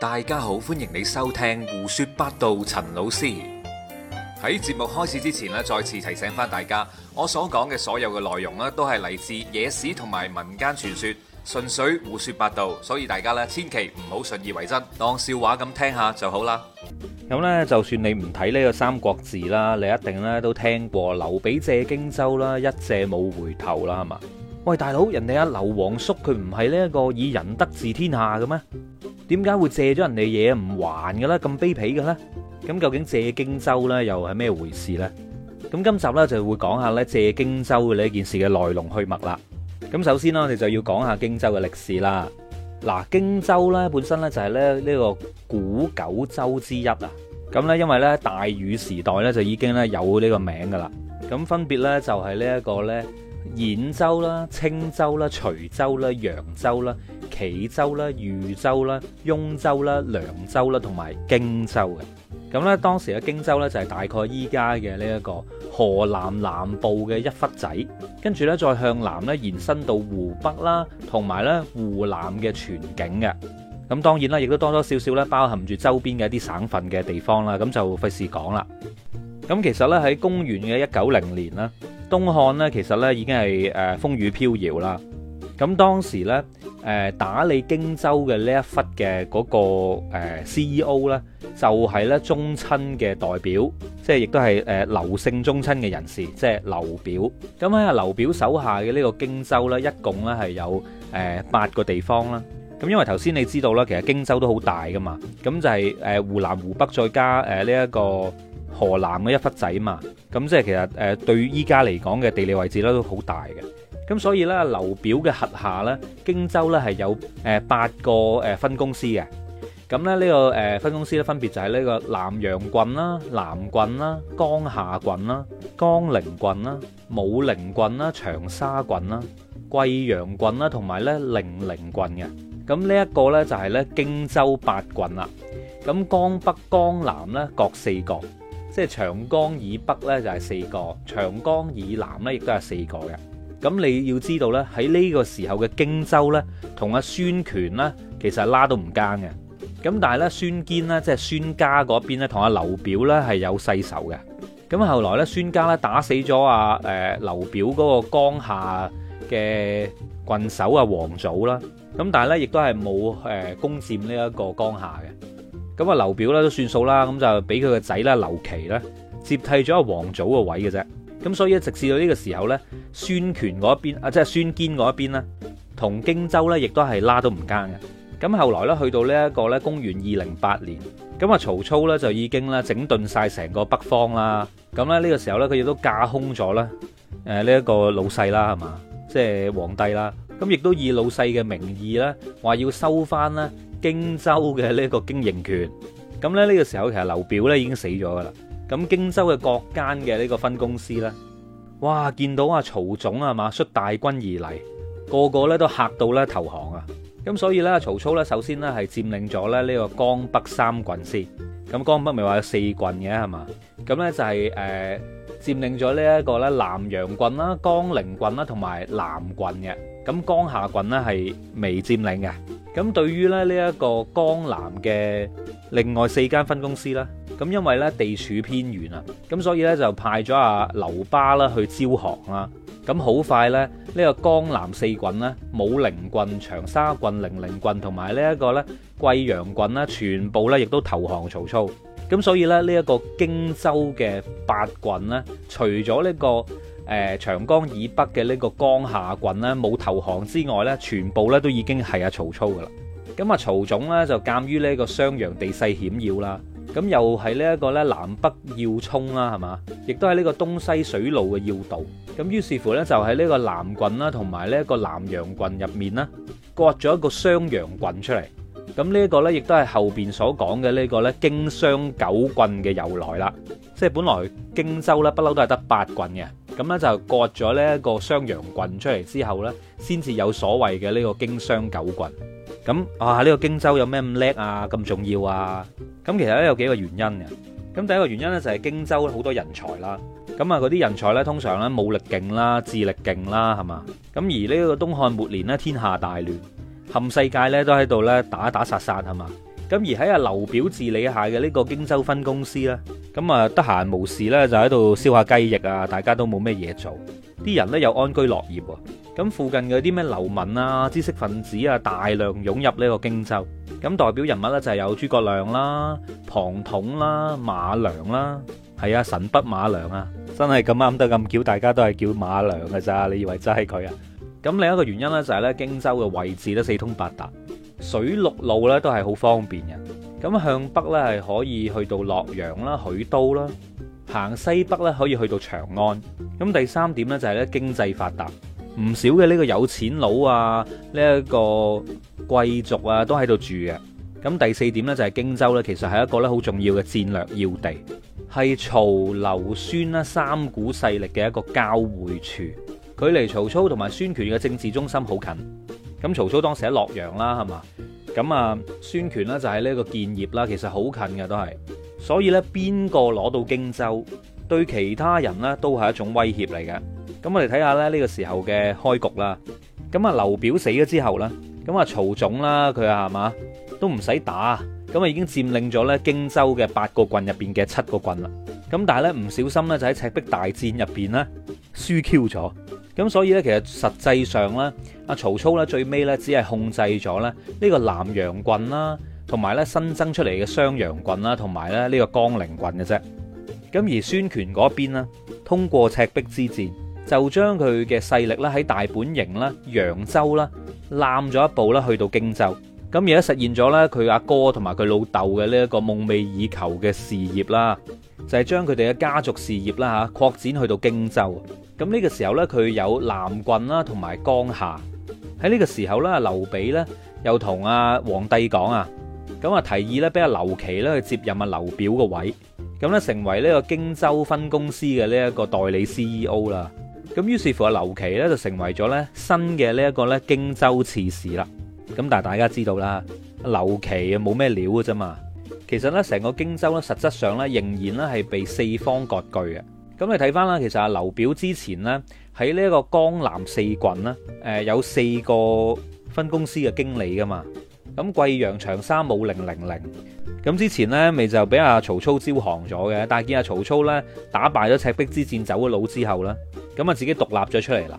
大家好，歡迎你收聽胡說八道。陳老師喺節目開始之前咧，再次提醒翻大家，我所講嘅所有嘅內容咧，都係嚟自野史同埋民間傳說，純粹胡說八道，所以大家咧千祈唔好信以為真，當笑話咁聽下就好啦。咁呢，就算你唔睇呢個三國志啦，你一定咧都聽過劉備借荊州啦，一借冇回頭啦，係嘛？喂，大佬，人哋阿劉皇叔佢唔係呢一個以仁德治天下嘅咩？點解會借咗人哋嘢，唔還嘅咧？咁卑鄙嘅咧？咁究竟借荊州咧又係咩回事呢？咁今集咧就會講下咧借荊州嘅呢件事嘅來龍去脈啦。咁首先呢，我哋就要講下荊州嘅歷史啦。嗱，荊州咧本身咧就係咧呢個古九州之一啊。咁咧因為咧大禹時代咧就已經咧有呢個名㗎啦。咁分別咧就係呢一個咧兗州啦、青州啦、徐州啦、揚州啦。冀州啦、豫州啦、雍州啦、涼州啦，同埋荊州嘅。咁咧，當時嘅荊州咧就係大概依家嘅呢一個河南南部嘅一忽仔，跟住咧再向南咧延伸到湖北啦，同埋咧湖南嘅全境嘅。咁當然啦，亦都多多少少咧包含住周邊嘅一啲省份嘅地方啦。咁就費事講啦。咁其實咧喺公元嘅一九零年啦，東漢咧其實咧已經係誒風雨飄搖啦。咁當時咧，誒打理荊州嘅呢一忽嘅嗰個誒 CEO 咧，就係咧宗親嘅代表，即係亦都係誒劉姓宗親嘅人士，即係劉表。咁喺劉表手下嘅呢個荊州咧，一共咧係有誒八個地方啦。咁因為頭先你知道啦，其實荊州都好大㗎嘛。咁就係誒湖南、湖北，再加誒呢一個河南嗰一忽仔嘛。咁即係其實誒對依家嚟講嘅地理位置咧，都好大嘅。咁所以呢，劉表嘅轄下呢，荊州呢係有誒八個誒分公司嘅。咁咧呢個誒分公司呢，分別就係呢個南陽郡啦、南郡啦、江夏郡啦、江陵郡啦、武陵郡啦、長沙郡啦、桂陽郡啦，同埋呢零陵郡嘅。咁呢一個呢，就係呢，荊州八郡啦。咁江北江南呢，各四個，即係長江以北呢，就係四個，長江以南呢，亦都係四個嘅。咁你要知道咧，喺呢個時候嘅荊州咧，同阿孫權咧，其實拉都唔奸嘅。咁但係咧，孫堅咧即係孫家嗰邊咧，同阿劉表咧係有世仇嘅。咁後來咧，孫家咧打死咗阿誒劉表嗰個江夏嘅郡守阿黃祖啦。咁但係咧，亦都係冇誒攻佔呢一個江夏嘅。咁阿劉表咧都算數啦。咁就俾佢個仔咧劉琦咧接替咗阿黃祖個位嘅啫。咁所以一直至到呢個時候咧，孫權嗰一邊啊，即係孫堅嗰一邊咧，同荊州咧，亦都係拉都唔跟嘅。咁後來咧，去到呢一個咧，公元二零八年，咁啊曹操咧就已經啦整頓晒成個北方啦。咁咧呢個時候咧，佢亦都架空咗咧誒呢一個老細啦，係嘛？即係皇帝啦。咁亦都以老細嘅名義咧，話要收翻咧荊州嘅呢個經營權。咁咧呢個時候其實劉表咧已經死咗噶啦。咁荊州嘅各間嘅呢個分公司呢，哇！見到阿曹總啊嘛，率大軍而嚟，個個咧都嚇到咧投降啊！咁所以呢，曹操咧首先咧係佔領咗咧呢個江北三郡先。咁江北咪話有四郡嘅係嘛？咁呢就係、是、誒。呃佔領咗呢一個咧南陽郡啦、江陵郡啦同埋南郡嘅，咁江夏郡咧係未佔領嘅。咁對於咧呢一個江南嘅另外四間分公司啦，咁因為咧地處偏遠啊，咁所以咧就派咗阿劉巴啦去招降啦。咁好快咧呢個江南四郡咧武陵郡、長沙郡、零陵郡同埋呢一個咧桂陽郡咧，全部咧亦都投降曹操。咁所以咧，呢、這、一個荊州嘅八郡呢，除咗呢、這個誒、呃、長江以北嘅呢個江夏郡呢，冇投降之外呢，全部呢都已經係阿曹操噶啦。咁、嗯、啊，曹總呢，就鑑於呢一個襄陽地勢險要啦，咁、啊、又係呢一個咧南北要衝啦，係嘛？亦都係呢個東西水路嘅要道。咁、啊、於是乎呢，就喺呢個南郡啦，同埋呢一個南陽郡入面呢，割咗一個襄陽郡出嚟。咁呢一個呢，亦都係後邊所講嘅呢個呢，荊襄九郡嘅由來啦。即係本來荊州呢，不嬲都係得八郡嘅。咁呢，就割咗呢個襄陽郡出嚟之後呢，先至有所謂嘅呢個荊襄九郡。咁啊，呢個荊州有咩咁叻啊？咁重要啊？咁其實呢，有幾個原因嘅。咁第一個原因呢，就係荊州好多人才啦。咁啊，啲人才呢，通常呢，武力勁啦、智力勁啦，係嘛？咁而呢個東漢末年呢，天下大亂。冚世界咧都喺度咧打打殺殺係嘛？咁而喺阿劉表治理下嘅呢個荊州分公司咧，咁啊得閒無事咧就喺度燒下雞翼啊，大家都冇咩嘢做，啲人咧又安居樂業喎，咁附近嘅啲咩流民啊、知識分子啊大量湧入呢個荊州，咁代表人物咧就係有諸葛亮啦、龐統啦、馬良啦，係啊神筆馬良啊，真係咁啱得咁巧，大家都係叫馬良嘅咋，你以為真係佢啊？咁另一個原因咧就係咧荊州嘅位置咧四通八達，水陸路咧都係好方便嘅。咁向北咧係可以去到洛陽啦、許都啦，行西北咧可以去到長安。咁第三點咧就係咧經濟發達，唔少嘅呢個有錢佬啊、呢一個貴族啊都喺度住嘅。咁第四點咧就係荊州咧其實係一個咧好重要嘅戰略要地，係曹、劉、孫啦三股勢力嘅一個交匯處。距離曹操同埋孫權嘅政治中心好近，咁曹操當時喺洛陽啦，係嘛？咁、嗯、啊，孫權呢就喺呢個建業啦，其實好近嘅都係，所以呢邊個攞到荊州，對其他人呢都係一種威脅嚟嘅。咁我哋睇下咧呢個時候嘅開局啦。咁啊，劉表死咗之後呢，咁、嗯、啊曹總啦佢係嘛都唔使打，咁、嗯、啊已經佔領咗呢荊州嘅八個郡入邊嘅七個郡啦。咁、嗯、但係呢，唔小心呢就喺赤壁大戰入邊呢輸 Q 咗。咁所以呢，其實實際上呢，阿曹操呢，最尾呢，只係控制咗咧呢個南陽郡啦，同埋呢新增出嚟嘅襄陽郡啦，同埋咧呢個江陵郡嘅啫。咁而孫權嗰邊咧，通過赤壁之戰，就將佢嘅勢力咧喺大本營啦、揚州啦攬咗一步啦，去到荊州。咁而家實現咗呢，佢阿哥同埋佢老豆嘅呢一個夢寐以求嘅事業啦，就係將佢哋嘅家族事業啦嚇擴展去到荊州。咁呢個時候呢，佢有南郡啦，同埋江夏。喺呢個時候呢，劉備呢又同阿皇帝講啊，咁啊提議呢，俾阿劉琦呢去接任啊劉表個位，咁呢，成為呢個荊州分公司嘅呢一個代理 CEO 啦。咁於是乎阿劉琦呢就成為咗呢新嘅呢一個呢荊州刺史啦。咁但係大家知道啦，劉琦啊冇咩料嘅啫嘛。其實呢，成個荊州呢，實質上呢，仍然呢係被四方割據嘅。咁你睇翻啦，其實阿劉表之前呢，喺呢一個江南四郡咧，誒有四個分公司嘅經理噶嘛。咁桂陽、長沙、武陵、零陵，咁之前呢咪就俾阿曹操招降咗嘅，但係見阿曹操呢，打敗咗赤壁之戰走咗佬之後呢，咁啊自己獨立咗出嚟啦。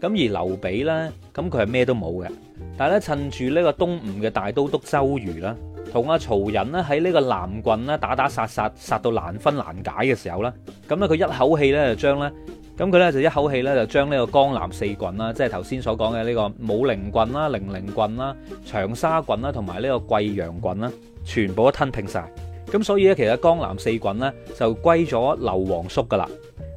咁而劉備呢，咁佢係咩都冇嘅，但係呢，趁住呢個東吳嘅大都督周瑜啦。同阿曹仁咧喺呢個南郡咧打打殺殺，殺到難分難解嘅時候呢，咁咧佢一口氣呢就將呢，咁佢呢就一口氣呢就將呢個江南四郡啦，即係頭先所講嘅呢個武陵郡啦、零陵郡啦、長沙郡啦同埋呢個桂陽郡啦，全部都吞併晒。咁所以呢，其實江南四郡呢就歸咗劉皇叔噶啦。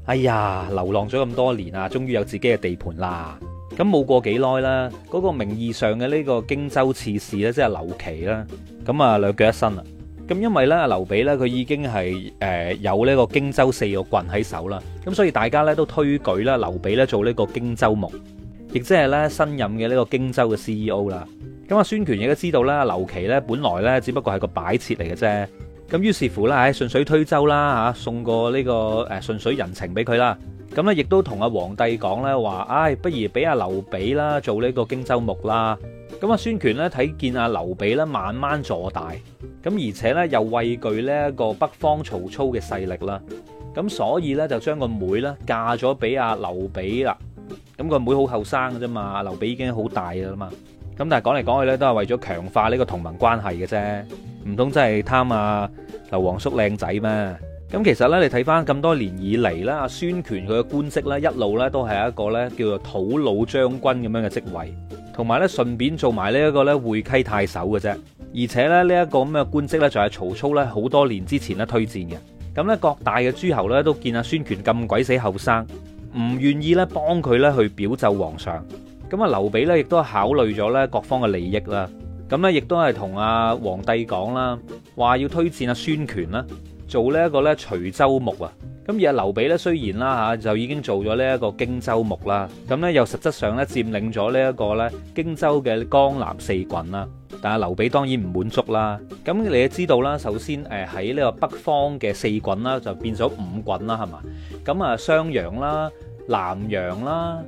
哎呀，流浪咗咁多年啊，終於有自己嘅地盤啦。咁冇過幾耐啦，嗰個名義上嘅呢個荊州刺史呢，即係劉琦啦。咁啊，兩腳一伸啦。咁因為咧，阿劉備咧，佢已經係誒有呢個荊州四個郡喺手啦。咁所以大家咧都推舉啦，劉備咧做呢個荊州牧，亦即係咧新任嘅呢個荊州嘅 CEO 啦。咁阿孫權亦都知道啦，劉琦咧，本來咧只不過係個擺設嚟嘅啫。咁於是乎咧，喺順水推舟啦嚇，送個呢個誒順水人情俾佢啦。咁咧亦都同阿皇帝講咧話，唉，不如俾阿劉備啦做呢個荊州牧啦。咁啊，孫權咧睇見阿劉備咧慢慢坐大，咁而且咧又畏懼呢一個北方曹操嘅勢力啦，咁所以咧就將個妹咧嫁咗俾阿劉備啦。咁個妹好後生嘅啫嘛，阿劉備已經好大嘅啦嘛。咁但係講嚟講去咧都係為咗強化呢個同盟關係嘅啫，唔通真係貪阿劉皇叔靚仔咩？咁其實咧你睇返咁多年以嚟啦，阿孫權佢嘅官職咧一路咧都係一個咧叫做討虜將軍咁樣嘅職位。同埋咧，順便做埋呢一個咧會稽太守嘅啫。而且咧，呢、這、一個咁嘅官職咧，就係曹操咧好多年之前咧推薦嘅。咁咧，各大嘅諸侯咧都見阿孫權咁鬼死後生，唔願意咧幫佢咧去表奏皇上。咁啊，劉備咧亦都考慮咗咧各方嘅利益啦。咁咧，亦都係同阿皇帝講啦，話要推薦阿、啊、孫權啦，做呢一個咧徐州牧啊。咁而阿劉備咧，雖然啦吓，就已經做咗呢一個荊州牧啦，咁咧又實質上咧佔領咗呢一個咧荊州嘅江南四郡啦。但係劉備當然唔滿足啦。咁你都知道啦，首先誒喺呢個北方嘅四郡啦，就變咗五郡啦，係嘛？咁啊，襄陽啦、南陽啦，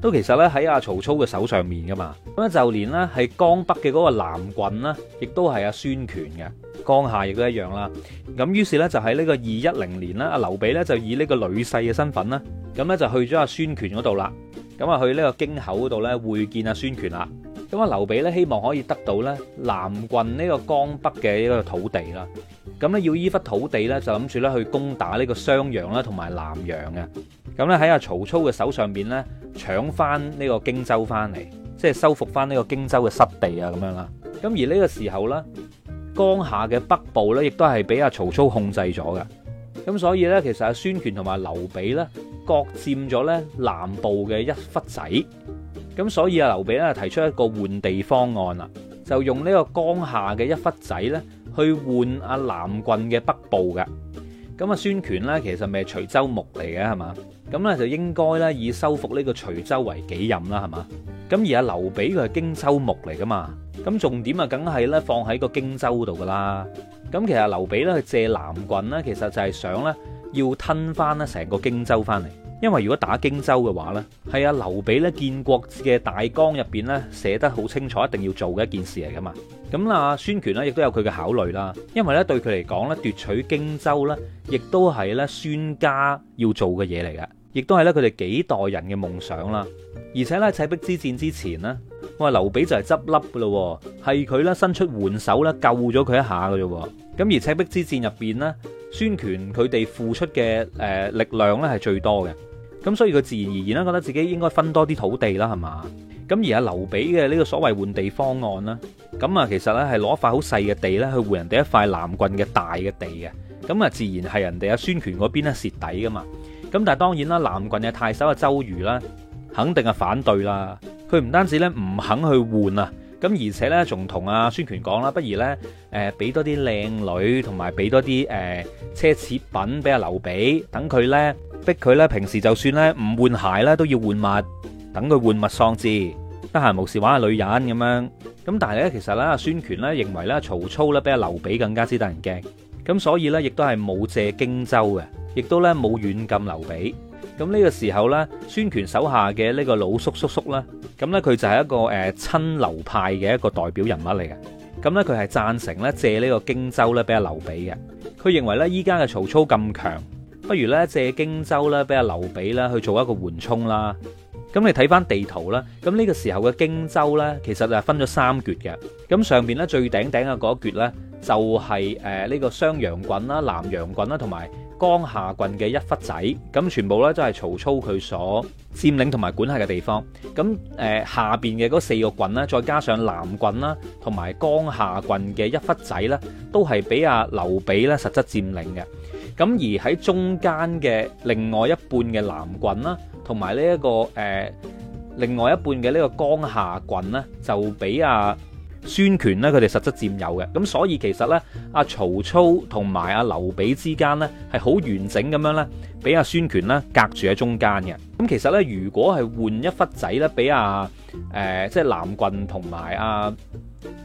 都其實咧喺阿曹操嘅手上面噶嘛。咁啊，就連咧喺江北嘅嗰個南郡啦，亦都係阿孫權嘅。江夏亦都一樣啦，咁於是咧就喺呢個二一零年啦，阿劉備呢，就以呢個女婿嘅身份啦，咁咧就去咗阿孫權嗰度啦，咁啊去呢個京口嗰度咧會見阿孫權啦。咁啊，劉備呢，希望可以得到咧南郡呢個江北嘅呢個土地啦，咁咧要依忽土地咧就諗住咧去攻打呢個襄陽啦同埋南陽嘅，咁咧喺阿曹操嘅手上邊咧搶翻呢個荊州翻嚟，即係收復翻呢個荊州嘅失地啊咁樣啦。咁而呢個時候咧。江夏嘅北部咧，亦都係俾阿曹操控制咗嘅。咁所以咧，其實阿孫權同埋劉備咧，各佔咗咧南部嘅一忽仔。咁所以阿劉備咧提出一個換地方案啦，就用呢個江夏嘅一忽仔咧去換阿南郡嘅北部嘅。咁、嗯、阿孫權咧，其實咪係徐州牧嚟嘅係嘛？咁咧就應該咧以收復呢個徐州為己任啦係嘛？咁而阿劉備佢係荊州牧嚟噶嘛？咁重點啊，梗係咧放喺個荊州度噶啦。咁其實劉備咧去借南郡呢，其實，其實就係想咧要吞翻呢成個荊州翻嚟。因為如果打荊州嘅話呢，係啊，劉備咧建國嘅大綱入邊呢，寫得好清楚，一定要做嘅一件事嚟噶嘛。咁、嗯、啊，孫權呢，亦都有佢嘅考慮啦。因為咧對佢嚟講咧奪取荊州呢，亦都係咧孫家要做嘅嘢嚟嘅，亦都係咧佢哋幾代人嘅夢想啦。而且咧赤壁之戰之前呢。我話劉備就係執笠噶咯，係佢啦，伸出援手啦，救咗佢一下噶啫。咁而赤壁之戰入邊呢，孫權佢哋付出嘅誒力量咧係最多嘅，咁所以佢自然而然啦覺得自己應該分多啲土地啦，係嘛。咁而阿劉備嘅呢個所謂換地方案啦，咁啊其實咧係攞一塊好細嘅地咧去換人哋一塊南郡嘅大嘅地嘅，咁啊自然係人哋阿孫權嗰邊咧蝕底噶嘛。咁但係當然啦，南郡嘅太守阿周瑜啦，肯定係反對啦。佢唔單止咧唔肯去換啊，咁而且咧仲同阿孫權講啦，不如咧誒俾多啲靚女同埋俾多啲誒奢侈品俾阿劉備，等佢咧逼佢咧平時就算咧唔換鞋咧都要換襪，等佢換物喪志，得閒無事玩下女人咁樣。咁但係咧其實咧，孫權咧認為咧曹操咧比阿劉備更加之得人驚，咁所以咧亦都係冇借荊州嘅，亦都咧冇軟禁劉備。咁呢個時候呢，孫權手下嘅呢個老叔叔叔啦，咁呢，佢就係一個誒、呃、親劉派嘅一個代表人物嚟嘅。咁、嗯、呢，佢係贊成呢借呢個荊州呢俾阿、啊、劉備嘅。佢認為呢，依家嘅曹操咁強，不如呢借荊州呢俾阿、啊、劉備呢去做一個緩衝啦。咁、嗯、你睇翻地圖啦，咁、這、呢個時候嘅荊州呢，其實啊分咗三橛嘅。咁上邊呢，最頂頂嘅嗰橛呢，就係誒呢個襄陽郡啦、南陽郡啦同埋。江夏郡嘅一忽仔，咁全部咧都係曹操佢所佔領同埋管轄嘅地方。咁誒、呃、下邊嘅嗰四個郡呢，再加上南郡啦，同埋江夏郡嘅一忽仔呢，都係俾阿劉備咧實質佔領嘅。咁而喺中間嘅另外一半嘅南郡啦，同埋呢一個誒、呃、另外一半嘅呢個江夏郡呢，就俾阿。孫權咧，佢哋實質佔有嘅，咁所以其實咧，阿曹操同埋阿劉備之間咧，係好完整咁樣咧，俾阿孫權咧隔住喺中間嘅。咁其實咧，如果係換一忽仔咧，俾阿誒即係南郡同埋阿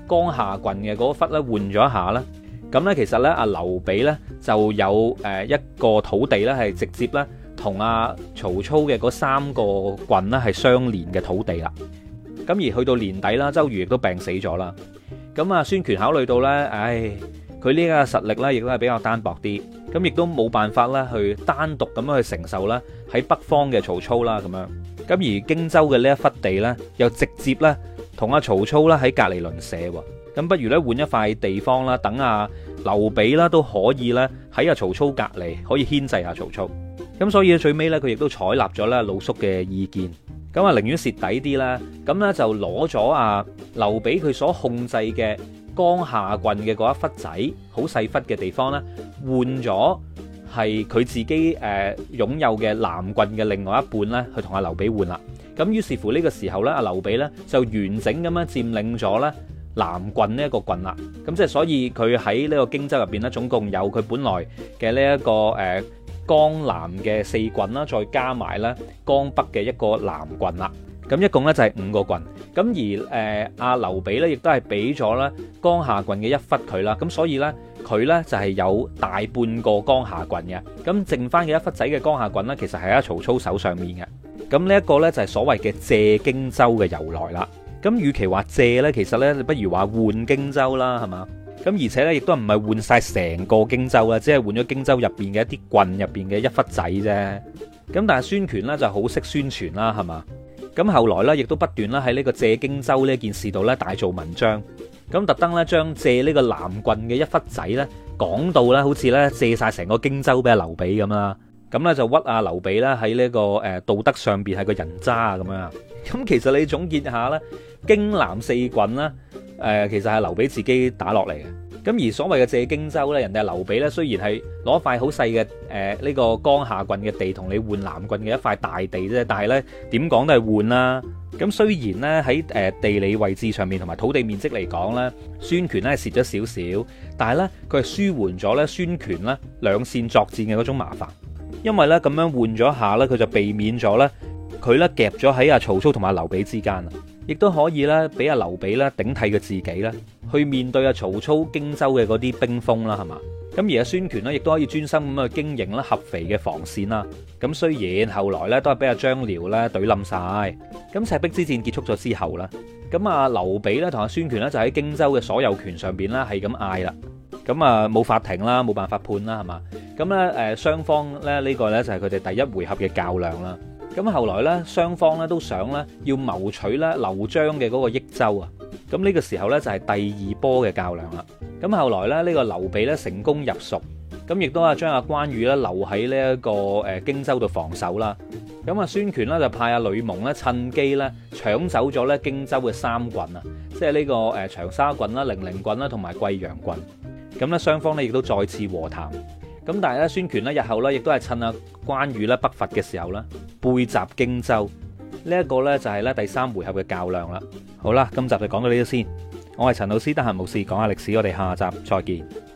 江夏郡嘅嗰忽咧換咗一下咧，咁咧其實咧，阿劉備咧就有誒一個土地咧，係直接咧同阿曹操嘅嗰三個郡咧係相連嘅土地啦。咁而去到年底啦，周瑜亦都病死咗啦。咁啊，孫權考慮到呢，唉，佢呢個實力呢，亦都係比較單薄啲。咁亦都冇辦法呢，去單獨咁樣去承受啦，喺北方嘅曹操啦咁樣。咁而荊州嘅呢一忽地呢，又直接呢，同阿曹操啦喺隔籬鄰舍。咁不如呢，換一塊地方啦，等阿劉備啦都可以咧喺阿曹操隔籬，可以牽制阿曹操。咁所以最尾呢，佢亦都採納咗咧魯肅嘅意見。咁啊，寧願蝕底啲啦。咁咧就攞咗啊，劉備佢所控制嘅江夏郡嘅嗰一忽仔，好細忽嘅地方咧，換咗係佢自己誒、呃、擁有嘅南郡嘅另外一半咧，去同阿劉備換啦。咁於是乎呢個時候咧，阿劉備咧就完整咁樣佔領咗咧南郡呢一個郡啦。咁即係所以佢喺呢個荊州入邊咧，總共有佢本來嘅呢一個誒。呃江南嘅四郡啦，再加埋咧江北嘅一個南郡啦，咁一共咧就係五個郡。咁而誒阿、呃、劉備咧，亦都係俾咗咧江夏郡嘅一忽佢啦。咁所以咧佢咧就係有大半個江夏郡嘅。咁剩翻嘅一忽仔嘅江夏郡咧，其實係喺曹操手上面嘅。咁呢一個咧就係所謂嘅借荊州嘅由來啦。咁與其話借咧，其實咧不如話換荊州啦，係嘛？咁而且咧，亦都唔係換晒成個荊州啦，只係換咗荊州入邊嘅一啲郡入邊嘅一忽仔啫。咁但係孫權呢就好識宣傳啦，係嘛？咁後來呢，亦都不斷咧喺呢個借荊州呢件事度呢大做文章。咁特登呢，將借呢個南郡嘅一忽仔呢講到呢，好似呢借晒成個荊州俾阿劉備咁啦。咁呢就屈啊劉備啦喺呢個誒道德上邊係個人渣啊咁樣。咁其實你總結下京呢，荊南四郡啦。誒、呃、其實係劉備自己打落嚟嘅，咁而所謂嘅借荊州咧，人哋阿劉備咧雖然係攞塊好細嘅誒呢個江夏郡嘅地同你換南郡嘅一塊大地啫，但係咧點講都係換啦，啊。咁雖然咧喺誒地理位置上面同埋土地面積嚟講咧，孫權咧蝕咗少少，但係咧佢係舒緩咗咧孫權咧兩線作戰嘅嗰種麻煩，因為咧咁樣換咗下咧，佢就避免咗咧佢咧夾咗喺阿曹操同埋阿劉備之間啊。亦都可以咧，俾阿劉備咧頂替佢自己咧，去面對阿曹操荊州嘅嗰啲兵鋒啦，係嘛？咁而阿孫權呢，亦都可以專心咁去經營啦合肥嘅防線啦。咁雖然後來咧都係俾阿張遼咧懟冧晒。咁赤壁之戰結束咗之後啦，咁啊劉備咧同阿孫權咧就喺荊州嘅所有權上邊啦，係咁嗌啦。咁啊冇法庭啦，冇辦法判啦，係嘛？咁咧誒雙方咧呢、呢個咧就係佢哋第一回合嘅較量啦。咁後來咧、這個，雙方咧都想咧要謀取咧劉璋嘅嗰個益州啊！咁呢個時候咧就係第二波嘅較量啦。咁後來咧，呢個劉備咧成功入蜀，咁亦都啊將阿關羽咧留喺呢一個誒荊州度防守啦。咁啊，孫權咧就派阿呂蒙咧趁機咧搶走咗咧荊州嘅三郡啊，即係呢個誒長沙郡啦、零陵郡啦同埋桂陽郡。咁咧，雙方咧亦都再次和談。咁但係咧，孫權咧，日後咧，亦都係趁阿關羽咧北伐嘅時候咧，背襲荊州，呢一個咧就係咧第三回合嘅較量啦。好啦，今集就講到呢度先。我係陳老師，得閒無事講下歷史，我哋下集再見。